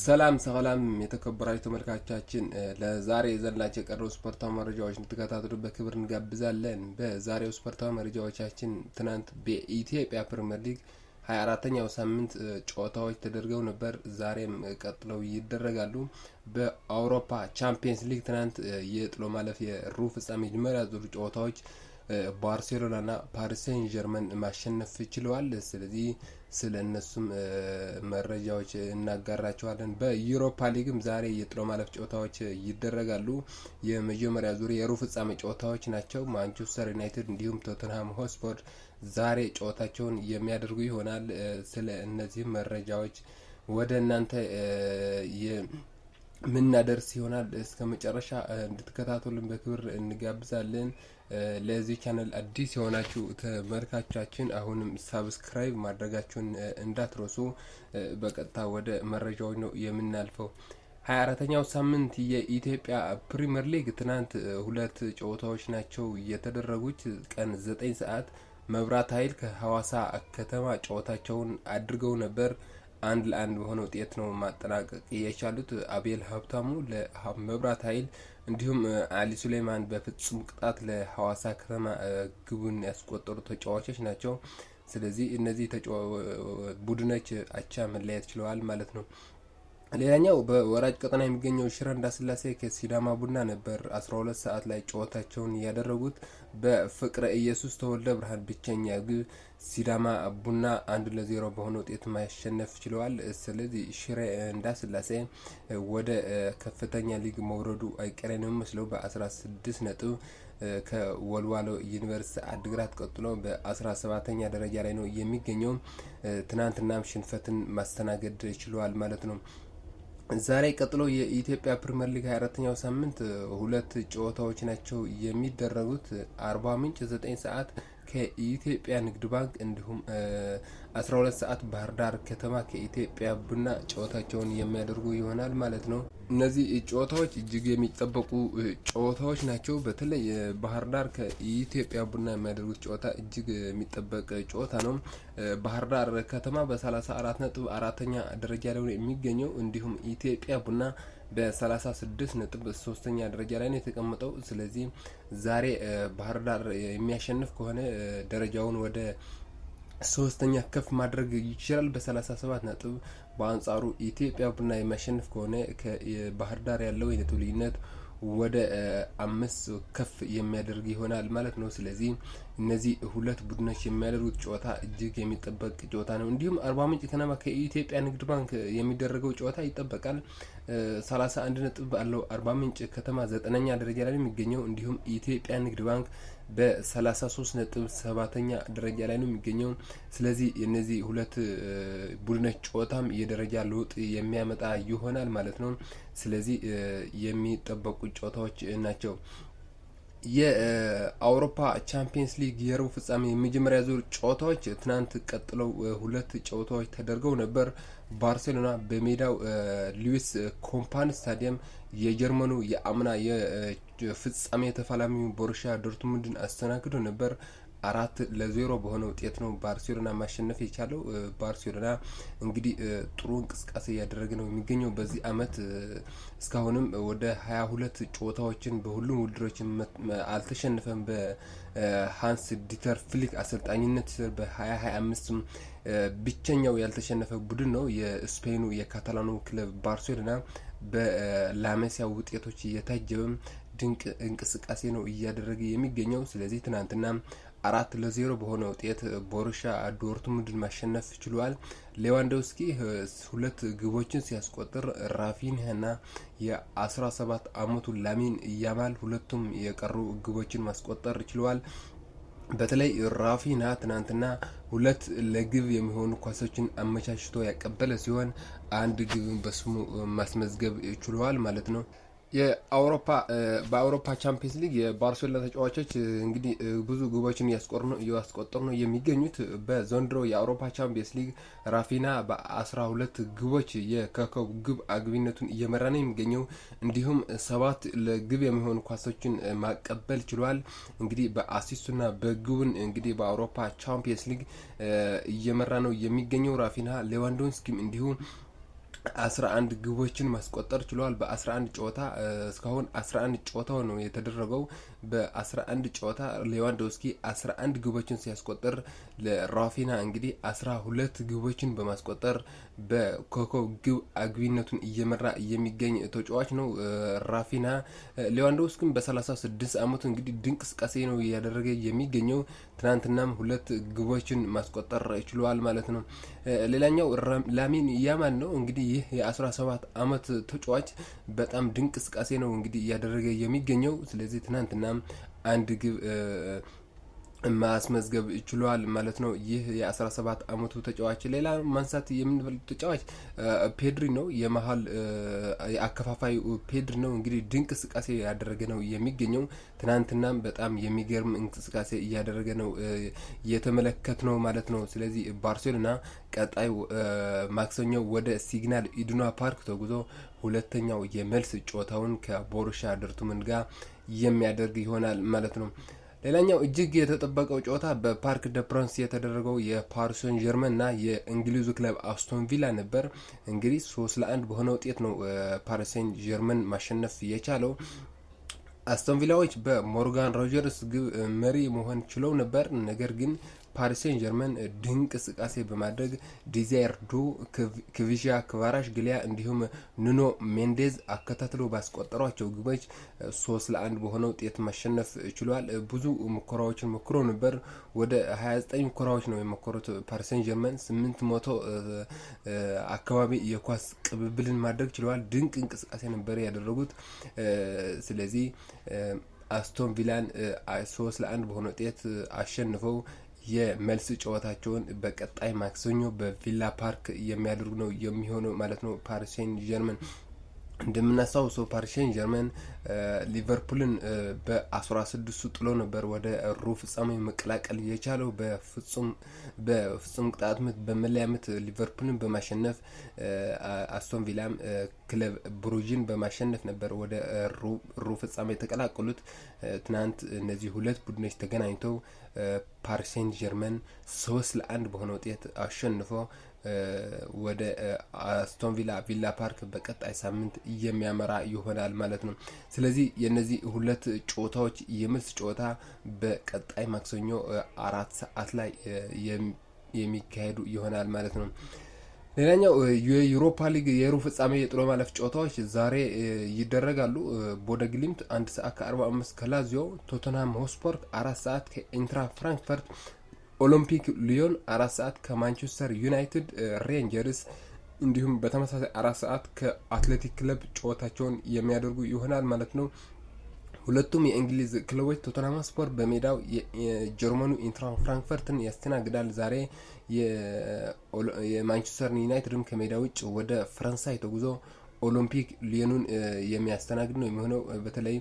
ሰላም ሰላም የተከበራችሁ ተመልካቾቻችን ለዛሬ ዘላቸው የቀረቡ ስፖርታዊ መረጃዎች እንድትከታተሉ በክብር እንጋብዛለን። በዛሬው ስፖርታዊ መረጃዎቻችን ትናንት በኢትዮጵያ ፕሪምየር ሊግ ሀያ አራተኛው ሳምንት ጨዋታዎች ተደርገው ነበር። ዛሬም ቀጥለው ይደረጋሉ። በአውሮፓ ቻምፒየንስ ሊግ ትናንት የጥሎ ማለፍ የሩብ ፍጻሜ መጀመሪያ ዙር ጨዋታዎች ባርሴሎናና ፓሪሴን ጀርመን ማሸነፍ ችለዋል። ስለዚህ ስለ እነሱም መረጃዎች እናጋራቸዋለን። በዩሮፓ ሊግም ዛሬ የጥሎ ማለፍ ጨዋታዎች ይደረጋሉ። የመጀመሪያ ዙር የሩብ ፍጻሜ ጨዋታዎች ናቸው። ማንቸስተር ዩናይትድ እንዲሁም ቶተንሃም ሆስፖርድ ዛሬ ጨዋታቸውን የሚያደርጉ ይሆናል። ስለ እነዚህም መረጃዎች ወደ እናንተ ምናደርስ ይሆናል። እስከ መጨረሻ እንድትከታተሉን በክብር እንጋብዛለን። ለዚህ ቻናል አዲስ የሆናችሁ ተመልካቻችን አሁንም ሳብስክራይብ ማድረጋችሁን እንዳትረሱ። በቀጥታ ወደ መረጃዎች ነው የምናልፈው። ሀያ አራተኛው ሳምንት የኢትዮጵያ ፕሪምየር ሊግ ትናንት ሁለት ጨዋታዎች ናቸው የተደረጉት። ቀን ዘጠኝ ሰዓት መብራት ኃይል ከሀዋሳ ከተማ ጨዋታቸውን አድርገው ነበር። አንድ ለአንድ በሆነ ውጤት ነው ማጠናቀቅ የቻሉት። አቤል ሀብታሙ ለመብራት ኃይል እንዲሁም አሊ ሱሌማን በፍጹም ቅጣት ለሐዋሳ ከተማ ግቡን ያስቆጠሩ ተጫዋቾች ናቸው። ስለዚህ እነዚህ ቡድኖች አቻ መለያየት ችለዋል ማለት ነው። ሌላኛው በወራጅ ቀጠና የሚገኘው ሽረ እንዳስላሴ ከሲዳማ ቡና ነበር። 12 ሰዓት ላይ ጨዋታቸውን ያደረጉት በፍቅረ ኢየሱስ ተወልደ ብርሃን ብቸኛ ግብ ሲዳማ ቡና አንድ ለዜሮ በሆነ ውጤት ማሸነፍ ችለዋል። ስለዚህ ሽሬ እንዳስላሴ ወደ ከፍተኛ ሊግ መውረዱ አይቀሬ ነው የሚመስለው በ16 ነጥብ ከወልዋሎ ዩኒቨርሲቲ አድግራት ቀጥሎ በ 17 ኛ ደረጃ ላይ ነው የሚገኘው። ትናንትናም ሽንፈትን ማስተናገድ ችለዋል ማለት ነው። ዛሬ ቀጥሎ የኢትዮጵያ ፕሪምየር ሊግ 24ኛው ሳምንት ሁለት ጨዋታዎች ናቸው የሚደረጉት። አርባ ምንጭ 9 ሰዓት ከኢትዮጵያ ንግድ ባንክ እንዲሁም 12 ሰዓት ባህር ዳር ከተማ ከኢትዮጵያ ቡና ጨዋታቸውን የሚያደርጉ ይሆናል ማለት ነው። እነዚህ ጨዋታዎች እጅግ የሚጠበቁ ጨዋታዎች ናቸው። በተለይ ባህር ዳር ከኢትዮጵያ ቡና የሚያደርጉት ጨዋታ እጅግ የሚጠበቅ ጨዋታ ነው። ባህር ዳር ከተማ በ34 ነጥብ አራተኛ ደረጃ ላይ የሚገኘው። እንዲሁም ኢትዮጵያ ቡና በ36 ነጥብ ሶስተኛ ደረጃ ላይ ነው የተቀመጠው። ስለዚህ ዛሬ ባህር ዳር የሚያሸንፍ ከሆነ ደረጃውን ወደ ሶስተኛ ከፍ ማድረግ ይችላል በ37 ነጥብ። በአንጻሩ ኢትዮጵያ ቡና የሚያሸንፍ ከሆነ ከባህር ዳር ያለው የነጥብ ልዩነት ወደ አምስት ከፍ የሚያደርግ ይሆናል ማለት ነው። ስለዚህ እነዚህ ሁለት ቡድኖች የሚያደርጉት ጨዋታ እጅግ የሚጠበቅ ጨዋታ ነው። እንዲሁም አርባ ምንጭ ከነማ ከኢትዮጵያ ንግድ ባንክ የሚደረገው ጨዋታ ይጠበቃል። ሰላሳ አንድ ነጥብ ባለው አርባ ምንጭ ከተማ ዘጠነኛ ደረጃ ላይ የሚገኘው እንዲሁም ኢትዮጵያ ንግድ ባንክ በ33 ነጥብ ሰባተኛ ደረጃ ላይ ነው የሚገኘው። ስለዚህ የነዚህ ሁለት ቡድኖች ጨዋታም የደረጃ ለውጥ የሚያመጣ ይሆናል ማለት ነው። ስለዚህ የሚጠበቁ ጨዋታዎች ናቸው። የአውሮፓ ቻምፒየንስ ሊግ የሩብ ፍጻሜ የመጀመሪያ ዙር ጨዋታዎች ትናንት ቀጥለው ሁለት ጨዋታዎች ተደርገው ነበር። ባርሴሎና በሜዳው ሉዊስ ኮምፓን ስታዲየም የጀርመኑ የአምና የፍጻሜ ተፋላሚ ቦሩሲያ ዶርትሙንድን አስተናግዶ ነበር። አራት ለዜሮ በሆነ ውጤት ነው ባርሴሎና ማሸነፍ የቻለው። ባርሴሎና እንግዲህ ጥሩ እንቅስቃሴ እያደረገ ነው የሚገኘው በዚህ አመት እስካሁንም ወደ ሀያ ሁለት ጨዋታዎችን በሁሉም ውድድሮችን አልተሸነፈም። በሃንስ ዲተር ፍሊክ አሰልጣኝነት በሀያ ሀያ ብቸኛው ያልተሸነፈ ቡድን ነው የስፔኑ የካታላኑ ክለብ ባርሴሎና በላመሲያ ውጤቶች እየታጀበም ድንቅ እንቅስቃሴ ነው እያደረገ የሚገኘው። ስለዚህ ትናንትና አራት ለዜሮ በሆነ ውጤት ቦሩሻ ዶርትሙንድን ማሸነፍ ችሏል። ሌዋንዶውስኪ ሁለት ግቦችን ሲያስቆጥር ራፊንሃና የ17 ዓመቱ ላሚን እያማል ሁለቱም የቀሩ ግቦችን ማስቆጠር ችለዋል። በተለይ ራፊና ትናንትና ሁለት ለግብ የሚሆኑ ኳሶችን አመቻችቶ ያቀበለ ሲሆን አንድ ግብን በስሙ ማስመዝገብ ችለዋል ማለት ነው። የአውሮፓ በአውሮፓ ቻምፒየንስ ሊግ የባርሴሎና ተጫዋቾች እንግዲህ ብዙ ግቦችን እያስቆጠሩ ነው የሚገኙት። በዘንድሮ የአውሮፓ ቻምፒየንስ ሊግ ራፊና በአስራ ሁለት ግቦች የኮከብ ግብ አግቢነቱን እየመራ ነው የሚገኘው። እንዲሁም ሰባት ለግብ የሚሆኑ ኳሶችን ማቀበል ችሏል። እንግዲህ በአሲስቱና በግቡን እንግዲህ በአውሮፓ ቻምፒየንስ ሊግ እየመራ ነው የሚገኘው ራፊና ሌዋንዶንስኪም እንዲሁም አስራ አንድ ግቦችን ማስቆጠር ችሏል። በአስራ አንድ ጨዋታ እስካሁን አስራ አንድ ጨዋታው ነው የተደረገው። በአስራ አንድ ጨዋታ ሌዋንዶስኪ አስራ አንድ ግቦችን ሲያስቆጠር ለራፊና እንግዲህ አስራ ሁለት ግቦችን በማስቆጠር በኮከብ ግብ አግቢነቱን እየመራ የሚገኝ ተጫዋች ነው ራፊና። ሌዋንዶስኪም በሰላሳ ስድስት አመቱ እንግዲህ ድንቅ እንቅስቃሴ ነው እያደረገ የሚገኘው። ትናንትናም ሁለት ግቦችን ማስቆጠር ችሏል ማለት ነው። ሌላኛው ላሚን ያማል ነው እንግዲህ ይህ የ17 ዓመት ተጫዋች በጣም ድንቅ እንቅስቃሴ ነው እንግዲህ እያደረገ የሚገኘው። ስለዚህ ትናንትና አንድ ግብ ማስመዝገብ ችሏል ማለት ነው። ይህ የ17 አመቱ ተጫዋች ሌላ ማንሳት የምንፈልግ ተጫዋች ፔድሪ ነው። የመሀል የአከፋፋይ ፔድሪ ነው። እንግዲህ ድንቅ እንቅስቃሴ ያደረገ ነው የሚገኘው። ትናንትናም በጣም የሚገርም እንቅስቃሴ እያደረገ ነው የተመለከት ነው ማለት ነው። ስለዚህ ባርሴሎና ቀጣይ ማክሰኞ ወደ ሲግናል ኢዱና ፓርክ ተጉዞ ሁለተኛው የመልስ ጨዋታውን ከቦሩሻ ዶርትሙንድ ጋር የሚያደርግ ይሆናል ማለት ነው። ሌላኛው እጅግ የተጠበቀው ጨዋታ በፓርክ ደ ፕራንስ የተደረገው የፓሪሰን ጀርመን እና የእንግሊዙ ክለብ አስቶን ቪላ ነበር። እንግዲህ ሶስት ለአንድ በሆነ ውጤት ነው ፓሪሴን ጀርመን ማሸነፍ የቻለው። አስቶን ቪላዎች በሞርጋን ሮጀርስ ግብ መሪ መሆን ችለው ነበር ነገር ግን ፓሪስ ሴን ጀርመን ድንቅ እንቅስቃሴ በማድረግ ዶ፣ ክቪዣ፣ ክቫራሽ ግሊያ እንዲሁም ኑኖ ሜንዴዝ አከታትሎ ባስቆጠሯቸው ግቦች ሶስት ለአንድ በሆነ ውጤት ማሸነፍ ችሏል። ብዙ ሙከራዎችን ሞክሮ ነበር። ወደ 29 ሙከራዎች ነው የሞከሩት ፓሪስ ሴን ጀርመን። ስምንት መቶ አካባቢ የኳስ ቅብብልን ማድረግ ችለዋል። ድንቅ እንቅስቃሴ ነበር ያደረጉት። ስለዚህ አስቶን ቪላን ሶስት ለአንድ በሆነ ውጤት አሸንፈው የመልስ ጨዋታቸውን በቀጣይ ማክሰኞ በቪላ ፓርክ የሚያደርጉ ነው የሚሆነው ማለት ነው። ፓሪሴን ጀርመን እንደምናስታው ሰው ፓሪሴን ጀርመን ሊቨርፑልን በአስራ ስድስቱ ጥሎ ነበር ወደ ሩብ ፍጻሜ መቀላቀል የቻለው በፍጹም ቅጣት ምት በመለያ ምት ሊቨርፑልን በማሸነፍ አስቶን ቪላም ክለብ ብሩዥን በማሸነፍ ነበር ወደ ሩብ ፍጻሜ የተቀላቀሉት። ትናንት እነዚህ ሁለት ቡድኖች ተገናኝተው ፓሪሴን ጀርመን ሶስት ለአንድ በሆነ ውጤት አሸንፎ ወደ አስቶን ቪላ ቪላ ፓርክ በቀጣይ ሳምንት የሚያመራ ይሆናል ማለት ነው። ስለዚህ የነዚህ ሁለት ጨዋታዎች የመልስ ጨዋታ በቀጣይ ማክሰኞ አራት ሰዓት ላይ የሚካሄዱ ይሆናል ማለት ነው። ሌላኛው የዩሮፓ ሊግ የሩብ ፍጻሜ የጥሎ ማለፍ ጨዋታዎች ዛሬ ይደረጋሉ። ቦደ ግሊምት አንድ ሰዓት ከ45 ከላዚዮ፣ ቶተንሃም ሆስፖርት አራት ሰዓት ከኢንትራ ፍራንክፈርት ኦሎምፒክ ሊዮን አራት ሰዓት ከማንቸስተር ዩናይትድ ሬንጀርስ እንዲሁም በተመሳሳይ አራት ሰዓት ከአትሌቲክ ክለብ ጨዋታቸውን የሚያደርጉ ይሆናል ማለት ነው። ሁለቱም የእንግሊዝ ክለቦች ቶተናም ስፖርት በሜዳው የጀርመኑ ኢንትራ ፍራንክፈርትን ያስተናግዳል። ዛሬ የማንቸስተር ዩናይትድም ከሜዳ ውጭ ወደ ፈረንሳይ ተጉዞ ኦሎምፒክ ሊዮኑን የሚያስተናግድ ነው የሚሆነው። በተለይ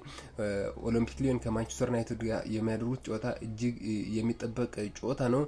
ኦሎምፒክ ሊዮን ከማንቸስተር ዩናይትድ ጋር የሚያደርጉት ጨዋታ እጅግ የሚጠበቅ ጨዋታ ነው።